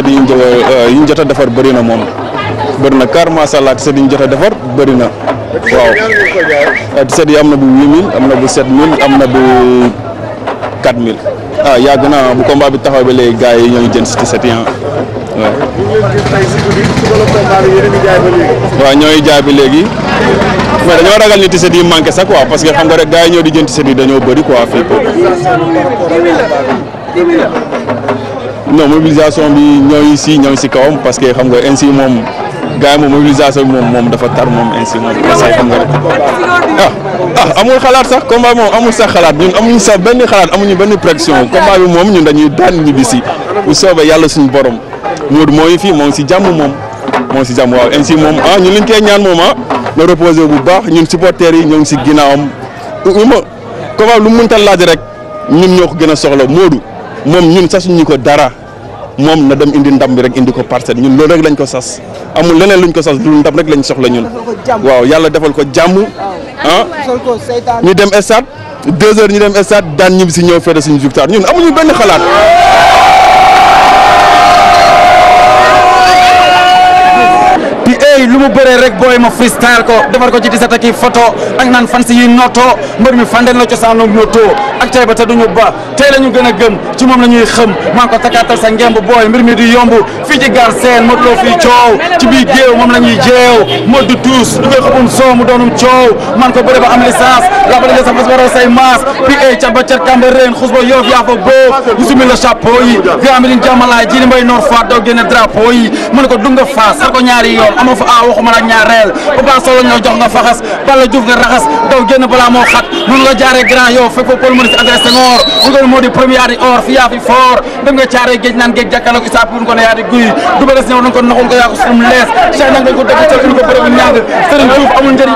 set yi ñu jot a euh, bëri na moom bëri na car macha allah set yi ñu jot bëri na waaw yi am na bu 8000 am na bu 7000 am na bu 4000 ah yàgg na bu combat bi taxaw ba léegi gars yi ñoo ngi jënd si set yi ah. waaw. waaw ñooy jaay ba léegi. mais dañoo ragal ni tiset yi que xam gars ñoo di jënd dañoo bëri quoi non mobilisation bi ñoo si ñoo si kawam parce que xam nga ainsi moom gars yi moom mobilisation bi moom moom dafa tar moom ainsi moom ah, ah, xalaat sax combat bi moom amul sax xalaat ñun amuñu sax benn xalaat amuñu benn pression combat bi moom ñun dañuy daan ñibbi si bu soobee yàlla suñu borom Modou mooy fi moo ngi si jàmm moom moo si jàmm waaw ainsi moom ah ñun liñ koy ñaan moom ah na reposer bu baax ñun supporters yi ñoo ngi si ginnaawam ñu ma combat lu mu laaj rek ñun ñoo ko gën a soxla Modou moom ñun sax suñu ko dara. moom na dem indi ndam bi rek indi ko Parcelles ñun loolu rek lañ ko sas amul leneen luñ ko sas lu ndam rek lañ soxla ñun. waaw yàlla defal ko jàmm. ah ñu dem stade deux heures ñu dem stade daan ñibbi si ñëw fête suñu victoire ñun amuñu benn xalaat. bëree rek booy ma freestyle ko defar ko ci di sa takki photo ak naan fan si yi nootoo mbër mi fanden la cosaanu nootoo ak tey ba te duñu ba tey la gën a gëm ci moom la xëm maa ngi ko takkaatal sa ngemb booy mbir mi di yomb fii ci gar seen Modou Lo fii coow ci biir géew moom la ñuy jeew Modou Touss du koy xëppum soow doonum coow man ko bëre ba am licence la ba la sa fas waro say maas pi ay cat ba cat Cambérène xus ba yoof yaa fa boof ñu sumi la chapeau a wax waxuma la ñaar réel Papa Sow la ñoo jox nga faxas Balla Diouf nga raxas daw génn balaa moo xat noonu nga jaaree grand yow fekk Paul Maurice André Senghor dugal moo di premier di or fi yaa fi fort dem nga caaree géej géej jàkkaarloo ki saa pour yaa di guy duba des ñëw na nga ko naxul yaa ko suñu lees Cheikh nag nga ko dëgg cëkkul ko bëri bu ñàng Serigne Diouf amul njëriñ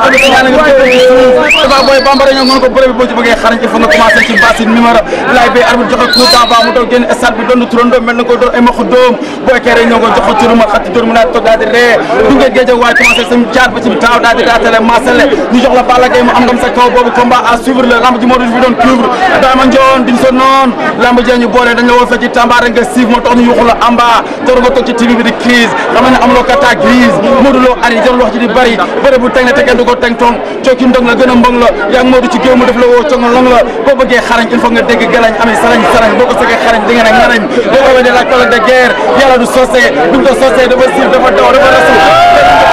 bi mu daw génn stade bi doon turandoo mel ci ruma xatti dóor mu naa toog daal di waaye commencé sañ jaar ba ci taaw daal di daatale maasale ñu jox la Balla Gaye mu am ndam sa kaw boobu combat à suivre la lamb ji moo doon fi doon cuivre daama njoon diñ sa noon lamb jee ñu boole dañ la woo fekk ci Tamba rek nga siif moo tax ñu yuxu la amba jarul nga toog ci TV bi di crise xam ne amuloo carte grise Modou Lo ari jarul wax ji di bëri bëri bu teg ne te kenn du ko teg toon cooki ndong la gën a mbong la yaa ngi Modou ci géew mu def la woo cong long la boo bëggee xarañ il faut nga dégg galañ amee sarañ sarañ boo ko sëggee xarañ di nga ne ngarañ boo ko wédee la colonne de guerre yàlla du sosee duñ ko sosee dafa siif dafa daw dafa rasu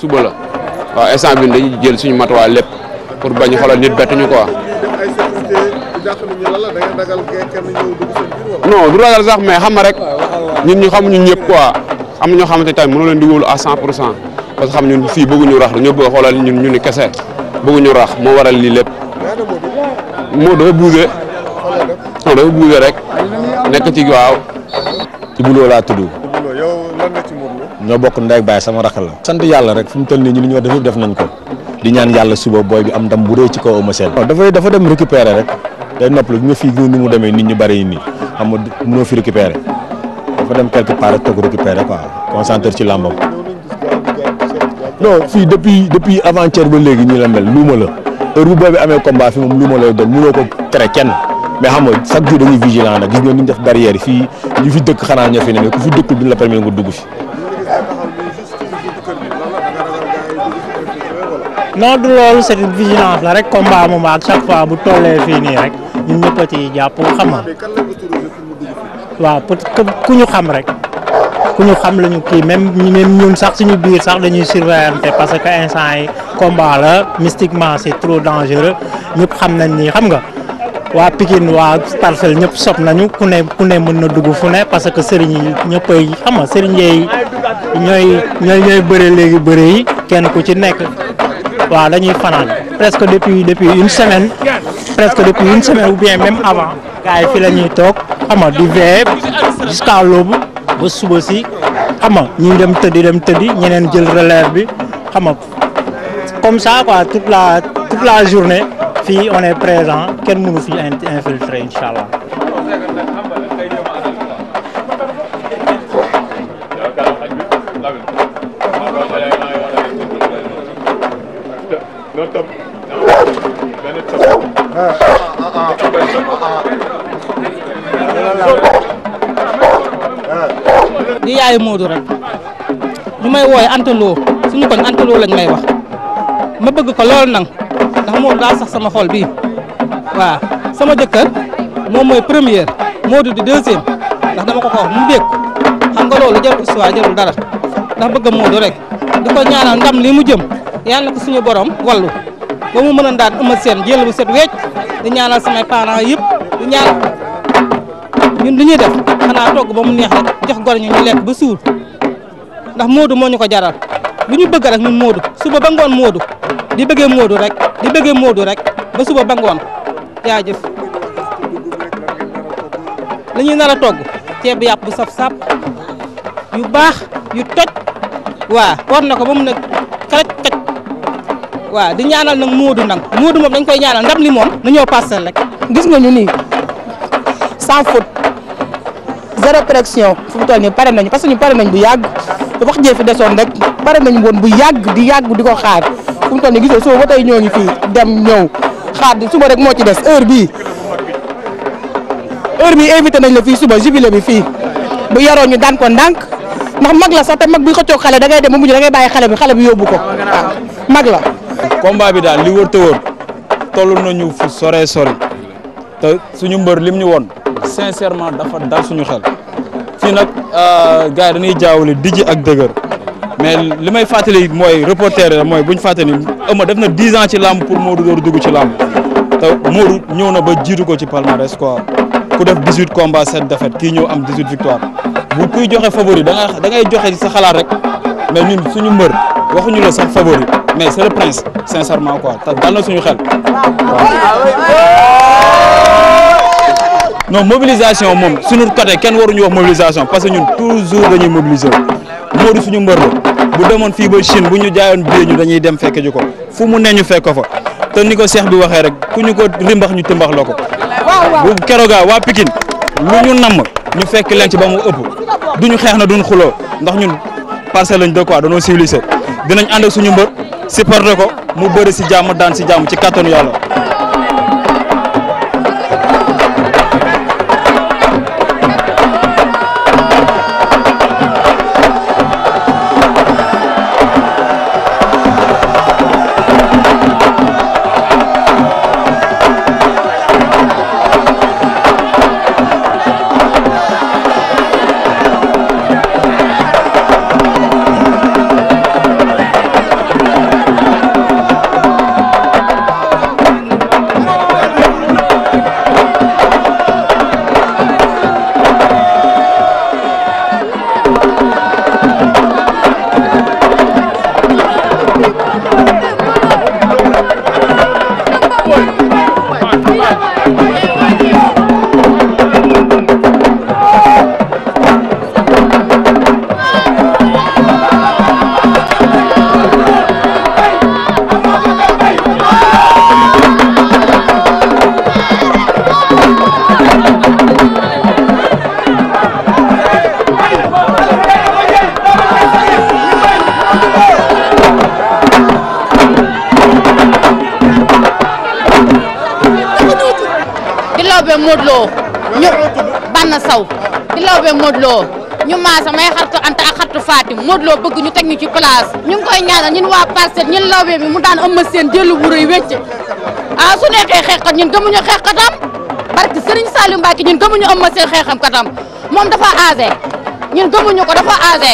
suba la waaw instant bi dañuy jël suñu matuwaay lépp pour bañ xoolal nit bett ñu quoi. non du ragal sax mais xam nga rek ñun ñu xamuñu ñëpp quoi am ñoo xamante tamit mënoo leen di wóolu à 100 pour cent parce que xam ñun fii bëgguñu rax dañoo bëgg xoolal ñun ñu kese bëgguñu rax moo waral lii lépp. moo dafa buuse non dafa buuse rek nekk ci waaw ci buloo laa tudd ñoo bokk ndeeg baay sama rakk la sant yàlla rek fu mu toll nii ñu li ñoo wax def def nañ ko di ñaan yàlla suba booy bi am ndam bu rëy ci kaw Eumeu Sène dafay dafa dem récupérer rek day noppal bi nga fii ni mu demee nit ñu bari yi nii xam nga mënoo fi récupérer dafa dem quelque part rek toog ko quoi concentré ci làmbam non fii depuis depuis avant ba léegi ñu la mel luuma la heure bu booy bi amee combat fi moom lu ma lay doon mënoo ko tere kenn mais xam chaque jour dañuy vigilant nag gis nga ni ñu def barrière fii ñu fi dëkk xanaa ñoo fi ne mais ku fi du loolu c'est une vigilance la rek combat moom ak chaque fois bu tollee fii nii rek ñun ñëpp a ciy jàpp xam nga waaw peut ku ñu xam rek ku ñu xam la kii même même ñun sax suñu biir sax dañuy surveillante parce que instant yi. combat la mystiquement c'est trop dangereux ñëpp xam nañ ni xam nga waa Pikine waa Parcelles ñëpp sob nañu ku ne ku ne mën na dugg fu ne parce que sëriñ yi ñëppay xam nga sëriñ yi ñooy ñooy ñooy bëre léegi bëre yi kenn ku ci nekk waa dañuy fanaan presque depuis depuis une semaine presque depuis une semaine ou bien même avant gars fi la ñuy toog xam nga di veillé jusqu'à l'aube ba suba si xam ñuy dem tëddi dem tëddi ñeneen jël relève bi xam comme ça quoi toute la toute la journée fii on est présent kenn mënu fi infiltrer incha allah. di yaayu Modou rek ñu may wooye antaloo suñu koñ antaloo lañ may wax. ma bëgg ko lool nag ndax moom daa sax sama xol bii waaw sama jëkkër moom mooy première moo di deuxième ndax na ko ko wax mu dégg xam nga loolu jarul histoire jarul dara ndax bëgg Modou rek di ko ñaanal ndam li mu jëm yàlla na ko suñu borom wallu ba mu mën a daan seen jël bu set wecc di ñaanal samay parents yëpp di ñaan ñun li ñuy def xanaa togg ba mu neex rek jox gor ñu ñu lekk ba suur ndax Modou moo ñu ko jaral lu ñu bëgg rek ñun Modou suba ba ngoon Modou di bëggee Modou rek di bëggee Modou rek ba suba ba ngoon jaajëf li a togg ceeb yàpp bu saf sap yu baax yu toj waa war na ko ba mu nekk xarit toj waaw di ñaanal nag Modou nag Modou moom dañ koy ñaanal ndam li moom na ñëw parcelle rek gis nga ñu nii sans faute zéro pression fu mu toll nii pare nañu parce que ñu pare nañ bu yàgg wax jee fi desoon rek pare nañ woon bu yàgg di yàgg di ko xaar fu mu toll nii gisoo soo ba tey ñoo ngi fii dem ñëw xaar suba rek moo ci des heure bii heure bii invité nañ la fii suba jubilé bi fii bu yaroo ñu daan ko ndànk ndax mag la sax te mag bi xëccoo xale dangay dem ba mujj da ngay bàyyi xale bi xale bi yóbbu ko mag la. combat bi daal li wër te wër toll nañu fu sore sori te suñu mbër lim ñu woon sincèrement dafa dal suñu xel fii nag euh, gars yi dañuy jaawale dijji ak dëgër. mais li may fàttali mooy reporter mooy bu ñu fàttali ëmma def na dix ans ci làmb pour Modou door dugg ci làmb te Modou ñëw na ba jiitu ko ci palmarès quoi ku def dix huit combats sept défaites kii ñëw am dix huit victoire bu kuy joxe favori da ngay da ngay joxe sa xalaat rek mais ñun suñu mbër waxuñu la sax favori mais c'est le prince sincèrement quoi te dal na suñu xel non mobilisation moom suñu côté kenn waruñu wax mobilisation parce que ñun toujours dañuy mobiliser Modou suñu mbër la bu demoon fii ba Chine bu ñu jaayoon bie dañuy dem fekk ko fu mu ne ñu fekk ko fa te ni ko seex bi waxee rek ku ñu ko rimbax ñu timbax la ko bu keroga waa Pikine lu ñu nam ñu fekk leen ci ba mu ëpp ñu xeex na duñ xuloo ndax ñun parcelle lañ dëkkuwaat dañoo civilisé dinañ ànd ak suñu mbër supporter ko mu bëri si jàmm daan si jàmm ci kattanu yàlla Modou Lo ñu Banna Sow di lawbe Modou Lo ñu maasa may xartu Anta ak xartu Fatim Modou Lo bëgg ñu teg ci place ñu ngi koy ñaanal ñun waa Parcelles ñun lawbe bi mu daan ëmma seen jëlu bu rëy wecc ah su nekkee xeexkat ñun gëmuñu xeexkatam barke Serigne Saliou Mbacke ñun gëmuñu ëmma seen katam moom dafa aase ñun gëmuñu ko dafa aase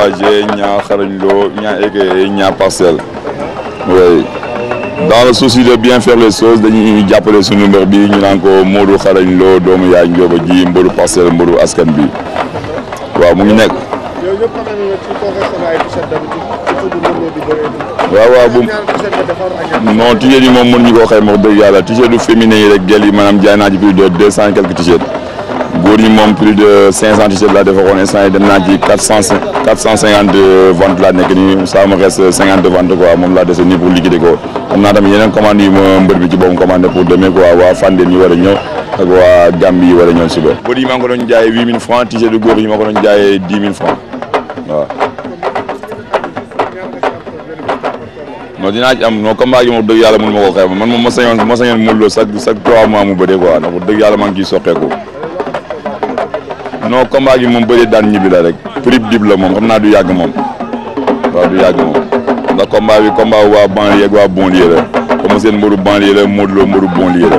3G ñaa xarañ loo ñaa égayee ñaa parcelle oui dans le souci bien faire les choses dañuy jàppale suñu mbër bi ñu naan ko Modou xarañ loo doomu yaay Njóoba ji mbëru parcelle mbëru askan bi waaw mu ngi nekk. waaw waaw bu non t-shirt moom mën ñu koo xayma wax dëgg yàlla t-shirt du féminin yi rek gel yi maanaam jaay naa ci de deux cent quelques t-shirt góor ñi moom plus de 500 t-shirts laa defaroon instant yii dem naa ci 400 450 ventes laa nekk nii ça me reste 50 ventes quoi moom laa dese nii pour liquider ko am naa tamit yeneen commandes yu ma mbër bi ci boobu commandé pour demee quoi waa Fandène yi war a ñëw ak waa Gambie yi war a ñëw si ba. yi maa ngi ko doon jaayee 8000 francs t-shirt góor yi ma ko doon jaayee 10 000 francs waaw. non dinaa ci am non combat gi moom dëgg yàlla mënu ma ko ngi ciy soqeeku. non combat bi moom bëri daan ñibbi la rek prix dib la moom xam naa du yàgg moom waaw du yàgg moom ndax combat bi combat waa banlieue ak waa banlieue la comme seen mbaru banlieue la Modou Lo mbaru banlieue la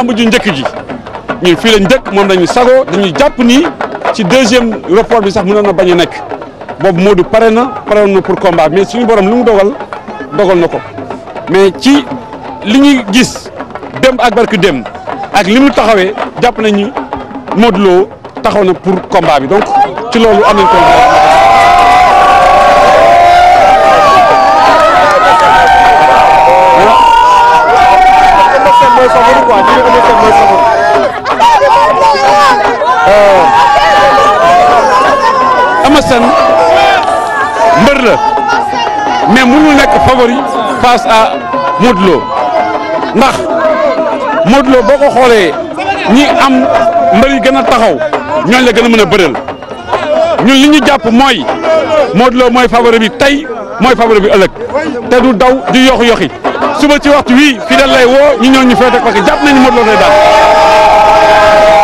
làmb ju njëkk ji ñu fii njëkk dëkk moom lañu sagoo dañuy jàpp ni ci deuxième report bi sax mu na bañ nekk boobu Modou pare na pare na pour combat mais suñu borom lu mu dogal dogal na ko mais ci li ñuy gis démb ak barki démb ak li mu taxawee jàpp nañu Modou Lo taxaw na pour combat bi donc ci loolu am nañ ko Oh. Eumeu mbër la mais mënul nekk favori face à Modou Lo ndax Modou boo ko xoolee ñi am mbër yi gën a taxaw ñooñ la gën a mën a bëreel ñun li ñu jàpp mooy Modou mooy favori bi tey mooy favori bi ëllëg te du daw di yoxu yoxi suba ci waxtu wii fidèle lay woo ñu ñëw ñu féete jàpp nañu Modou Lo daal